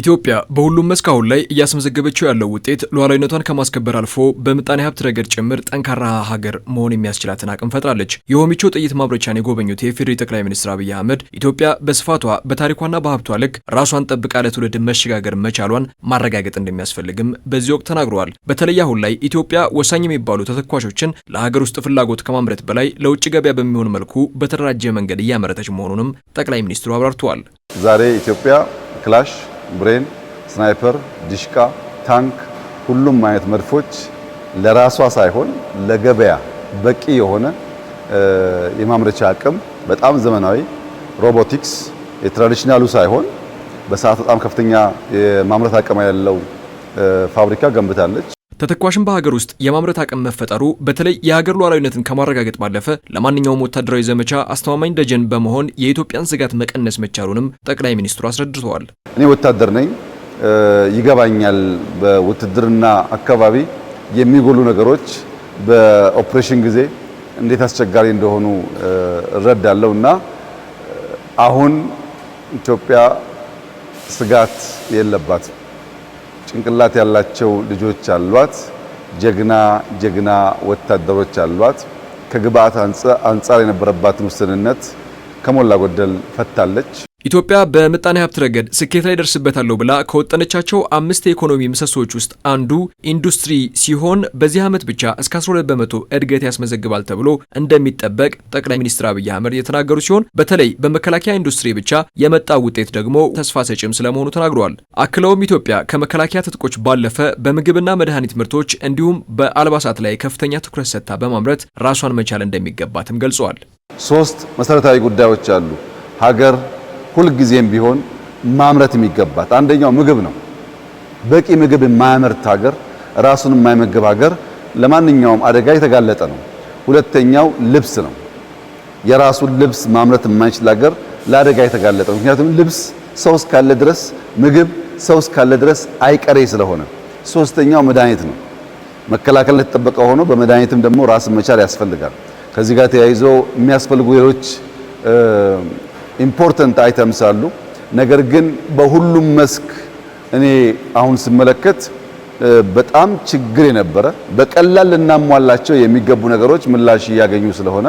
ኢትዮጵያ በሁሉም መስክ አሁን ላይ እያስመዘገበችው ያለው ውጤት ሉዓላዊነቷን ከማስከበር አልፎ በምጣኔ ሀብት ረገድ ጭምር ጠንካራ ሀገር መሆን የሚያስችላትን አቅም ፈጥራለች። የሆሚቾ ጥይት ማምረቻን የጎበኙት የፌዴሪ ጠቅላይ ሚኒስትር አብይ አህመድ ኢትዮጵያ በስፋቷ በታሪኳና በሀብቷ ልክ ራሷን ጠብቃ ለትውልድ መሸጋገር መቻሏን ማረጋገጥ እንደሚያስፈልግም በዚህ ወቅት ተናግረዋል። በተለይ አሁን ላይ ኢትዮጵያ ወሳኝ የሚባሉ ተተኳሾችን ለሀገር ውስጥ ፍላጎት ከማምረት በላይ ለውጭ ገበያ በሚሆን መልኩ በተደራጀ መንገድ እያመረተች መሆኑንም ጠቅላይ ሚኒስትሩ አብራርተዋል። ዛሬ ኢትዮጵያ ክላሽ ብሬን፣ ስናይፐር፣ ዲሽቃ፣ ታንክ ሁሉም አይነት መድፎች ለራሷ ሳይሆን ለገበያ በቂ የሆነ የማምረቻ አቅም በጣም ዘመናዊ ሮቦቲክስ የትራዲሽናሉ ሳይሆን በሰዓት በጣም ከፍተኛ የማምረት አቅም ያለው ፋብሪካ ገንብታለች። ተተኳሽን በሀገር ውስጥ የማምረት አቅም መፈጠሩ በተለይ የሀገር ሉዓላዊነትን ከማረጋገጥ ባለፈ ለማንኛውም ወታደራዊ ዘመቻ አስተማማኝ ደጀን በመሆን የኢትዮጵያን ስጋት መቀነስ መቻሉንም ጠቅላይ ሚኒስትሩ አስረድተዋል። እኔ ወታደር ነኝ፣ ይገባኛል። በውትድርና አካባቢ የሚጎሉ ነገሮች በኦፕሬሽን ጊዜ እንዴት አስቸጋሪ እንደሆኑ እረዳለሁ እና አሁን ኢትዮጵያ ስጋት የለባት። ጭንቅላት ያላቸው ልጆች አሏት። ጀግና ጀግና ወታደሮች አሏት። ከግብአት አንጻር የነበረባትን ውስንነት ከሞላ ጎደል ፈታለች። ኢትዮጵያ በምጣኔ ሀብት ረገድ ስኬት ላይ ደርስበታለሁ ብላ ከወጠነቻቸው አምስት የኢኮኖሚ ምሰሶዎች ውስጥ አንዱ ኢንዱስትሪ ሲሆን በዚህ ዓመት ብቻ እስከ 12 በመቶ እድገት ያስመዘግባል ተብሎ እንደሚጠበቅ ጠቅላይ ሚኒስትር አብይ አህመድ የተናገሩ ሲሆን በተለይ በመከላከያ ኢንዱስትሪ ብቻ የመጣ ውጤት ደግሞ ተስፋ ሰጪም ስለመሆኑ ተናግረዋል። አክለውም ኢትዮጵያ ከመከላከያ ትጥቆች ባለፈ በምግብና መድኃኒት ምርቶች እንዲሁም በአልባሳት ላይ ከፍተኛ ትኩረት ሰጥታ በማምረት ራሷን መቻል እንደሚገባትም ገልጸዋል። ሶስት መሰረታዊ ጉዳዮች አሉ ሀገር ሁልጊዜም ቢሆን ማምረት የሚገባት አንደኛው ምግብ ነው። በቂ ምግብ የማያመርት ሀገር፣ ራሱን የማይመግብ ሀገር ለማንኛውም አደጋ የተጋለጠ ነው። ሁለተኛው ልብስ ነው። የራሱን ልብስ ማምረት የማይችል ሀገር ለአደጋ የተጋለጠ ምክንያቱም ልብስ ሰው እስካለ ድረስ ምግብ ሰው እስካለ ድረስ አይቀሬ ስለሆነ። ሶስተኛው መድኃኒት ነው። መከላከል የተጠበቀ ሆኖ በመድኃኒትም ደግሞ ራስን መቻል ያስፈልጋል። ከዚህ ጋር ተያይዞ የሚያስፈልጉ ሌሎች ኢምፖርተንት አይተምስ አሉ። ነገር ግን በሁሉም መስክ እኔ አሁን ስመለከት በጣም ችግር የነበረ በቀላል ልናሟላቸው የሚገቡ ነገሮች ምላሽ እያገኙ ስለሆነ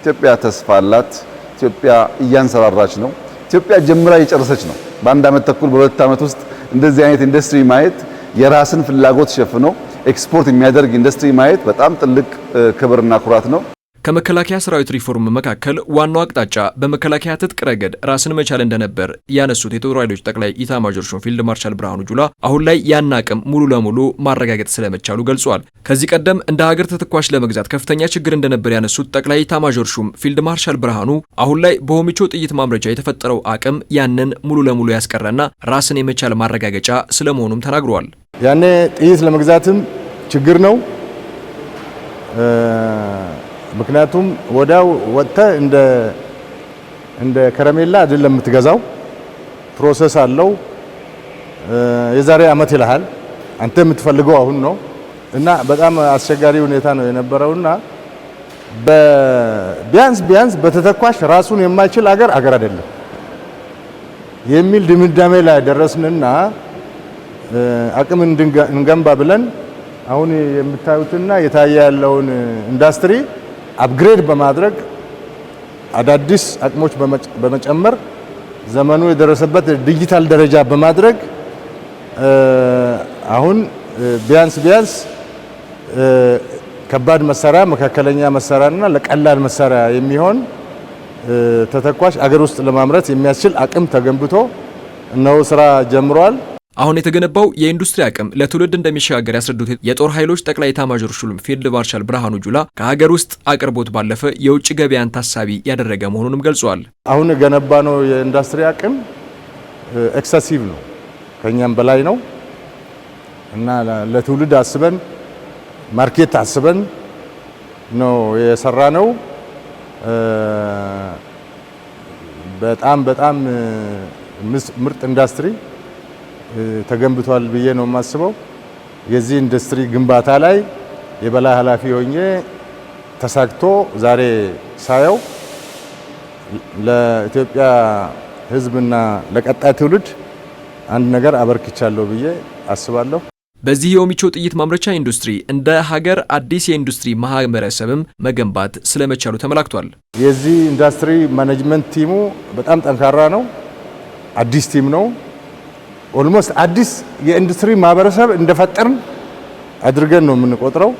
ኢትዮጵያ ተስፋ አላት። ኢትዮጵያ እያንሰራራች ነው። ኢትዮጵያ ጀምራ እየጨረሰች ነው። በአንድ ዓመት ተኩል በሁለት ዓመት ውስጥ እንደዚህ አይነት ኢንዱስትሪ ማየት የራስን ፍላጎት ሸፍኖ ኤክስፖርት የሚያደርግ ኢንዱስትሪ ማየት በጣም ትልቅ ክብርና ኩራት ነው። ከመከላከያ ሰራዊት ሪፎርም መካከል ዋናው አቅጣጫ በመከላከያ ትጥቅ ረገድ ራስን መቻል እንደነበር ያነሱት የጦር ኃይሎች ጠቅላይ ኢታማዦር ሹም ፊልድ ማርሻል ብርሃኑ ጁላ አሁን ላይ ያን አቅም ሙሉ ለሙሉ ማረጋገጥ ስለመቻሉ ገልጿል። ከዚህ ቀደም እንደ ሀገር ተተኳሽ ለመግዛት ከፍተኛ ችግር እንደነበር ያነሱት ጠቅላይ ኢታማዦር ሹም ፊልድ ማርሻል ብርሃኑ አሁን ላይ በሆሚቾ ጥይት ማምረቻ የተፈጠረው አቅም ያንን ሙሉ ለሙሉ ያስቀረና ራስን የመቻል ማረጋገጫ ስለመሆኑም ተናግሯል። ያኔ ጥይት ለመግዛትም ችግር ነው ምክንያቱም ወዲያው ወጥተህ እንደ እንደ ከረሜላ አይደለም የምትገዛው። ፕሮሰስ አለው። የዛሬ አመት ይልሃል አንተ የምትፈልገው አሁን ነው እና በጣም አስቸጋሪ ሁኔታ ነው የነበረውና ቢያንስ ቢያንስ በተተኳሽ ራሱን የማይችል አገር አገር አይደለም የሚል ድምዳሜ ላይ ደረስንና አቅም እንገንባ ብለን አሁን የምታዩትና የታየ ያለውን ኢንዱስትሪ አፕግሬድ በማድረግ አዳዲስ አቅሞች በመጨመር ዘመኑ የደረሰበት ዲጂታል ደረጃ በማድረግ አሁን ቢያንስ ቢያንስ ከባድ መሳሪያ፣ መካከለኛ መሳሪያ እና ለቀላል መሳሪያ የሚሆን ተተኳሽ አገር ውስጥ ለማምረት የሚያስችል አቅም ተገንብቶ እነሆ ስራ ጀምሯል። አሁን የተገነባው የኢንዱስትሪ አቅም ለትውልድ እንደሚሸጋገር ያስረዱት የጦር ኃይሎች ጠቅላይ ኤታማዦር ሹም ፊልድ ማርሻል ብርሃኑ ጁላ ከሀገር ውስጥ አቅርቦት ባለፈ የውጭ ገበያን ታሳቢ ያደረገ መሆኑንም ገልጿል። አሁን የገነባ ነው የኢንዱስትሪ አቅም ኤክሰሲቭ ነው፣ ከኛም በላይ ነው እና ለትውልድ አስበን ማርኬት አስበን ነው የሰራ ነው። በጣም በጣም ምርጥ ኢንዱስትሪ ተገንብቷል ብዬ ነው የማስበው። የዚህ ኢንዱስትሪ ግንባታ ላይ የበላይ ኃላፊ ሆኜ ተሳክቶ ዛሬ ሳየው ለኢትዮጵያ ሕዝብና ለቀጣይ ትውልድ አንድ ነገር አበርክቻለሁ ብዬ አስባለሁ። በዚህ የኦሚቾ ጥይት ማምረቻ ኢንዱስትሪ እንደ ሀገር አዲስ የኢንዱስትሪ ማህበረሰብም መገንባት ስለመቻሉ ተመላክቷል። የዚህ ኢንዱስትሪ ማኔጅመንት ቲሙ በጣም ጠንካራ ነው። አዲስ ቲም ነው። ኦልሞስት አዲስ የኢንዱስትሪ ማህበረሰብ እንደፈጠርን አድርገን ነው የምንቆጥረው።